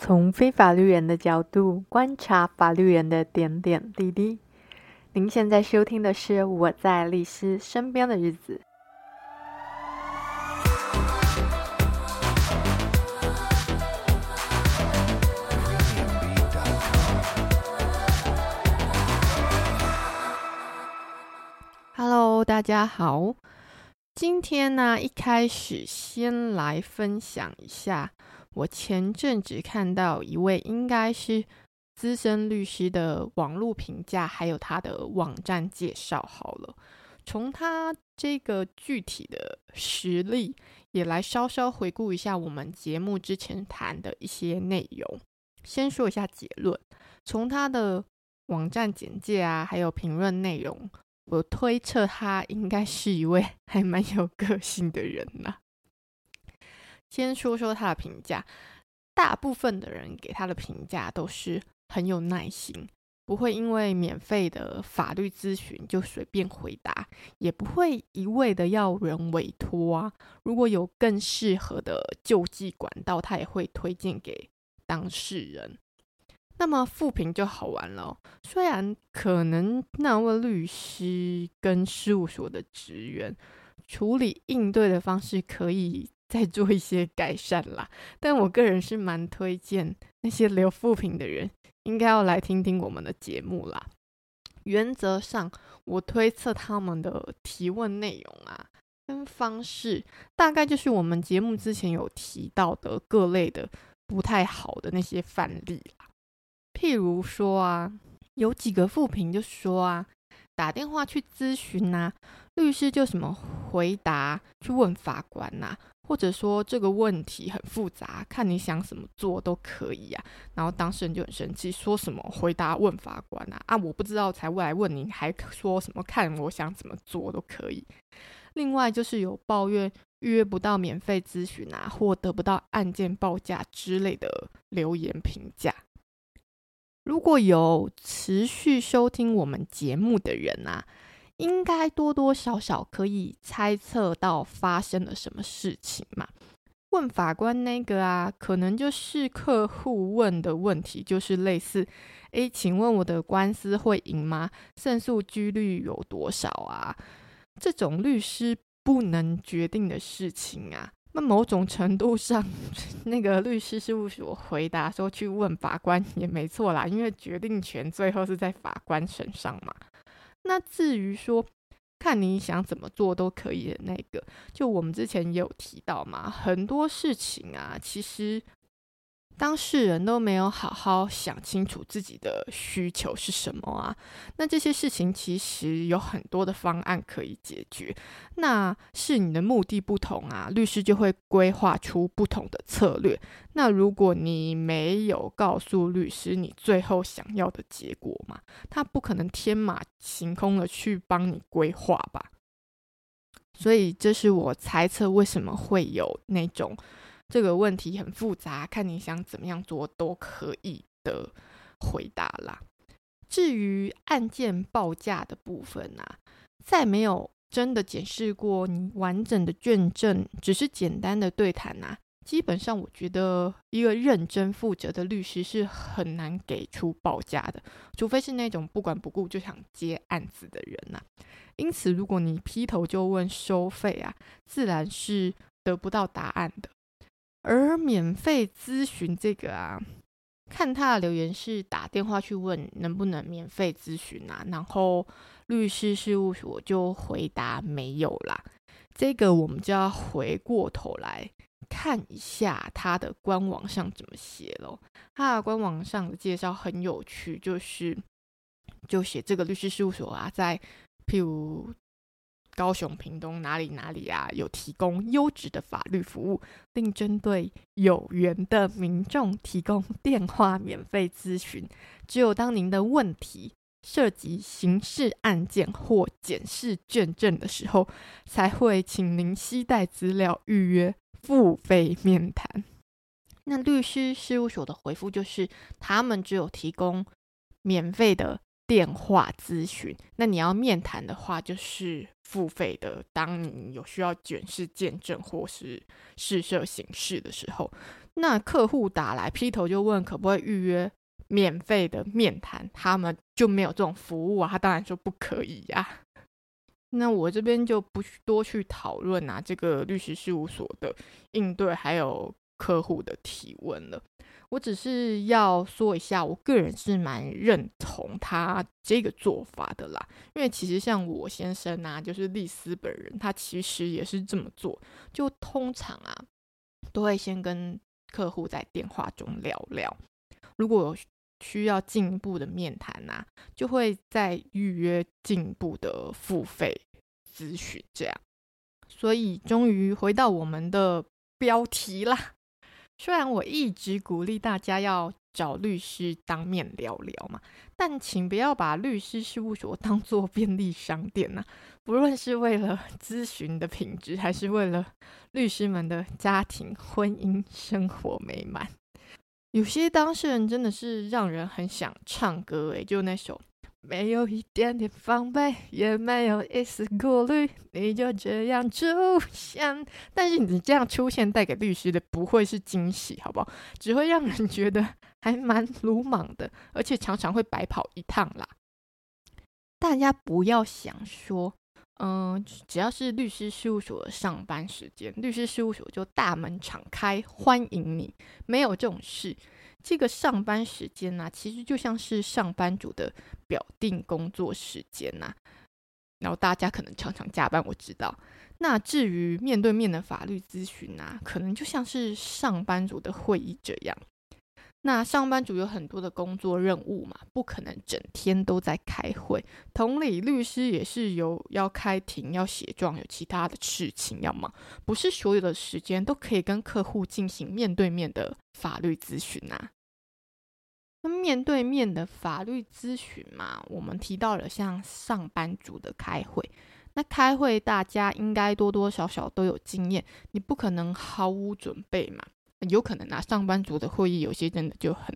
從非法律人的角度觀察法律人的點點滴滴。您現在收聽的是《我在律師身邊的日子》。Hello，大家好。今天呢，一開始先來分享一下。我前陣子看到一位應該是資深律師的網絡評價，還有他的網站介紹。好了，從他這個具體的實例，也來稍稍回顧一下我們節目之前談的一些內容。先說一下結論：從他的網站簡介啊，還有評論內容，我推測他應該是一位還蠻有個性的人吶、啊。先說說他的評價，大部分的人給他的評價都是很有耐心，不會因為免費的法律諮詢就隨便回答，也不會一味的要人委托啊。如果有更適合的救濟管道，他也會推薦給當事人。那麼複評就好玩了，雖然可能那位律師跟事務所的職員處理應對的方式可以，再做一些改善啦，但我個人是蠻推薦那些留負評的人，應該要來聽聽我們的節目啦。原則上，我推測他們的提問內容啊，跟方式，大概就是我們節目之前有提到的各類的不太好的那些範例啦。譬如說啊，有幾個負評就說啊，打電話去諮詢吶、啊，律師就什麼回答，去問法官吶、啊。或者說這個問題很複雜，看你想怎麼做都可以啊。然後當事人就很生氣，說什麼回答問法官啊啊，我不知道才會來問你，還說什麼看我想怎麼做都可以。另外就是有抱怨預約不到免費諮詢啊，或得不到案件報價之類的留言評價。如果有持續收聽我們節目的人啊，應該多多少少可以猜測到發生了什麼事情嘛。問法官那個啊，可能就是客戶問的問題，就是類似，哎，請問我的官司會贏嗎？勝訴幾率有多少啊？這種律師不能決定的事情啊，那某種程度上，那個律師事務所回答說去問法官也沒錯啦，因為決定權最後是在法官身上嘛。那至於說，看你想怎麼做都可以的那個，就我們之前也有提到嘛，很多事情啊，其實。當事人都沒有好好想清楚自己的需求是什麼啊。那這些事情其實有很多的方案可以解決。那是你的目的不同啊，律師就會規劃出不同的策略。那如果你沒有告訴律師你最後想要的結果嘛，他不可能天馬行空的去幫你規劃吧。所以這是我猜測為什麼會有那種。這個問題很複雜，看你想怎麼樣做都可以的回答啦。至於案件報價的部分呢、啊，在沒有真的檢視過你完整的卷證，只是簡單的對談呢、啊，基本上我覺得一個認真負責的律師是很難給出報價的，除非是那種不管不顧就想接案子的人吶、啊。因此，如果你劈頭就問收費啊，自然是得不到答案的。而免費諮詢這個啊，看他的留言是打電話去問能不能免費諮詢啊，然後律師事務所就回答沒有啦。這個我們就要回過頭來看一下他的官網上怎麼寫咯。他的官網上的介紹很有趣，就是就寫這個律師事務所啊，在譬如。高雄屏東哪裡哪裡啊，有提供優質的法律服務，並針對有緣的民眾提供電話免費諮詢。只有當您的問題涉及刑事案件或檢視卷證的時候，才會請您攜帶資料預約付費面談。那律師事務所的回復就是，他們只有提供免費的。電話諮詢，那你要面談的話，就是付費的。當你有需要卷式見證或是試射形式的時候，那客戶打來劈頭就問可不可以預約免費的面談，他們就沒有這種服務啊，他當然說不可以呀、啊。那我這邊就不多去討論啊，這個律師事務所的應對還有客戶的提問了。我只是要說一下，我個人是蠻認同他這個做法的啦。因為其實像我先生吶、啊，就是利斯本人，他其實也是這麼做。就通常啊，都會先跟客戶在電話中聊聊，如果有需要進一步的面談吶、啊，就會再預約進一步的付費諮詢這樣。所以終於回到我們的標題啦。雖然我一直鼓勵大家要找律師當面聊聊嘛，但請不要把律師事務所當作便利商店吶、啊！不論是為了諮詢的品質，還是為了律師們的家庭、婚姻、生活美滿，有些當事人真的是讓人很想唱歌欸，就那首。沒有一點點防備，也沒有一絲顧慮，你就這樣出現。但是你這樣出現，帶給律師的不會是驚喜，好不好？只會讓人覺得還蠻魯莽的，而且常常會白跑一趟啦。大家不要想說，嗯，只要是律師事務所的上班時間，律師事務所就大門敞開，歡迎你，沒有這種事。這個上班時間呢、啊，其實就像是上班族的表定工作時間吶、啊。然後大家可能常常加班，我知道。那至於面對面的法律諮詢呢、啊，可能就像是上班族的會議這樣。那上班族有很多的工作任務嘛，不可能整天都在開會。同理，律師也是有要開庭、要寫狀、有其他的事情要忙，不是所有的時間都可以跟客戶進行面對面的法律諮詢啊。面對面的法律諮詢嘛，我們提到了像上班族的開會，那開會大家應該多多少少都有經驗，你不可能毫無準備嘛、呃。有可能啊，上班族的會議有些真的就很，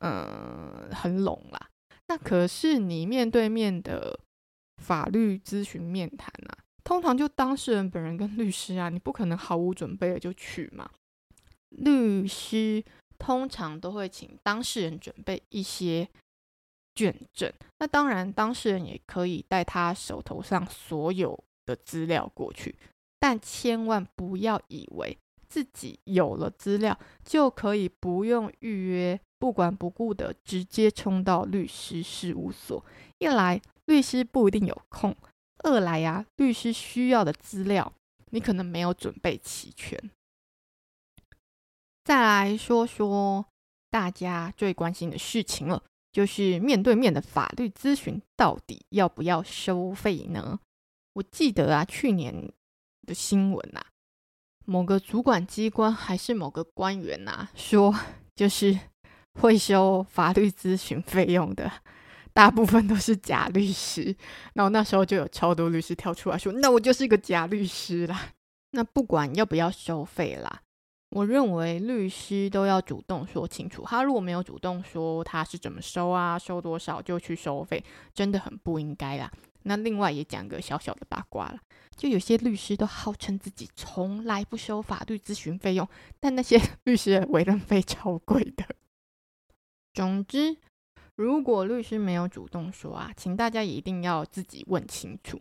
嗯、呃，很冗啦。那可是你面對面的法律諮詢面談啊，通常就當事人本人跟律師啊，你不可能毫無準備的就去嘛，律師。通常都會請當事人準備一些卷證，那當然，當事人也可以帶他手頭上所有的資料過去，但千萬不要以為自己有了資料就可以不用預約，不管不顧的直接衝到律師事務所。一來，律師不一定有空；二來呀、啊，律師需要的資料你可能沒有準備齊全。再來說說大家最關心的事情了，就是面對面的法律諮詢到底要不要收費呢？我記得啊，去年的新聞啊，某個主管機關還是某個官員吶、啊，說就是會收法律諮詢費用的，大部分都是假律師。然後那時候就有超多律師跳出來說：“那我就是一個假律師啦。”那不管要不要收費啦。我認為律師都要主動說清楚，他如果沒有主動說他是怎麼收啊，收多少就去收費，真的很不應該啦。那另外也講個小小的八卦啦，就有些律師都號稱自己從來不收法律諮詢費用，但那些律師的委任費超貴的。總之，如果律師沒有主動說啊，請大家一定要自己問清楚，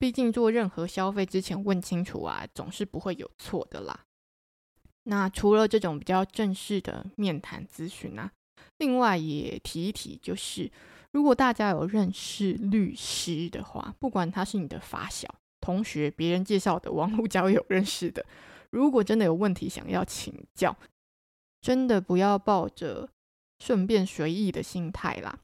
畢竟做任何消費之前問清楚啊，總是不會有錯的啦。那除了這種比較正式的面談諮詢啊，另外也提一提，就是如果大家有認識律師的話，不管他是你的發小、同學、別人介紹的、網絡交友認識的，如果真的有問題想要請教，真的不要抱着順便隨意的心態啦。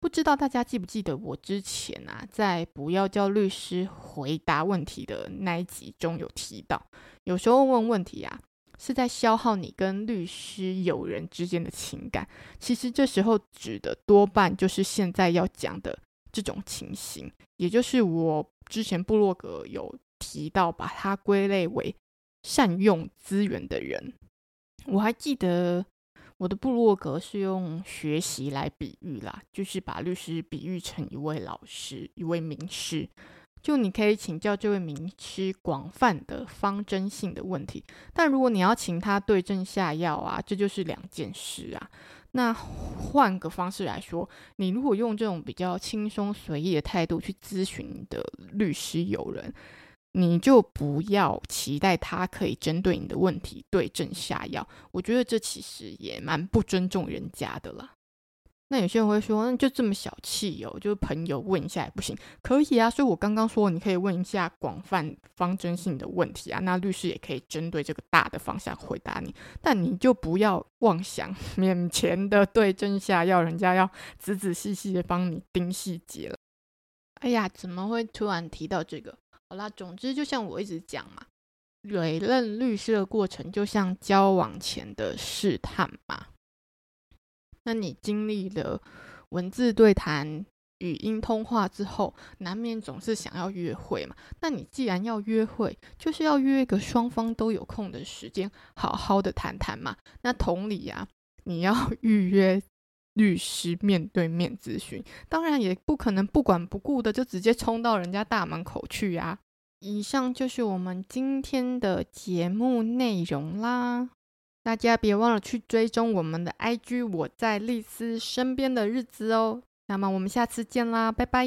不知道大家記不記得我之前啊，在不要叫律師回答問題的那一集中有提到，有時候問問題啊，是在消耗你跟律師友人之間的情感。其實這時候指的多半就是現在要講的這種情形，也就是我之前部落格有提到，把它歸類為善用資源的人。我還記得我的部落格是用學習來比喻啦，就是把律師比喻成一位老師，一位名師。就你可以請教這位名師廣泛的、方針性的問題，但如果你要請他對症下藥啊，這就是兩件事啊。那換個方式來說，你如果用這種比較輕鬆隨意的態度去諮詢你的律師友人，你就不要期待他可以針對你的問題對症下藥。我覺得這其實也蠻不尊重人家的啦。那有些人會說，那就這麼小氣哦？就是朋友問一下也不行，可以啊。所以我剛剛說，你可以問一下廣泛方針性的問題啊，那律師也可以針對這個大的方向回答你。但你就不要妄想面前的對症下藥，要人家要仔仔細細細的幫你盯細節了。哎呀，怎麼會突然提到這個？好啦，總之就像我一直講嘛，委任律師的過程就像交往前的試探嘛。那你經歷了文字對談、語音通話之後，難免總是想要約會嘛？那你既然要約會，就是要約一個雙方都有空的時間，好好的談談嘛。那同理呀，你要預約律師面對面諮詢，當然也不可能不管不顧的就直接衝到人家大門口去呀。以上就是我們今天的節目內容啦。大家別忘了去追蹤我們的 IG，我在利斯身邊的日子哦。那麼我們下次見啦，拜拜。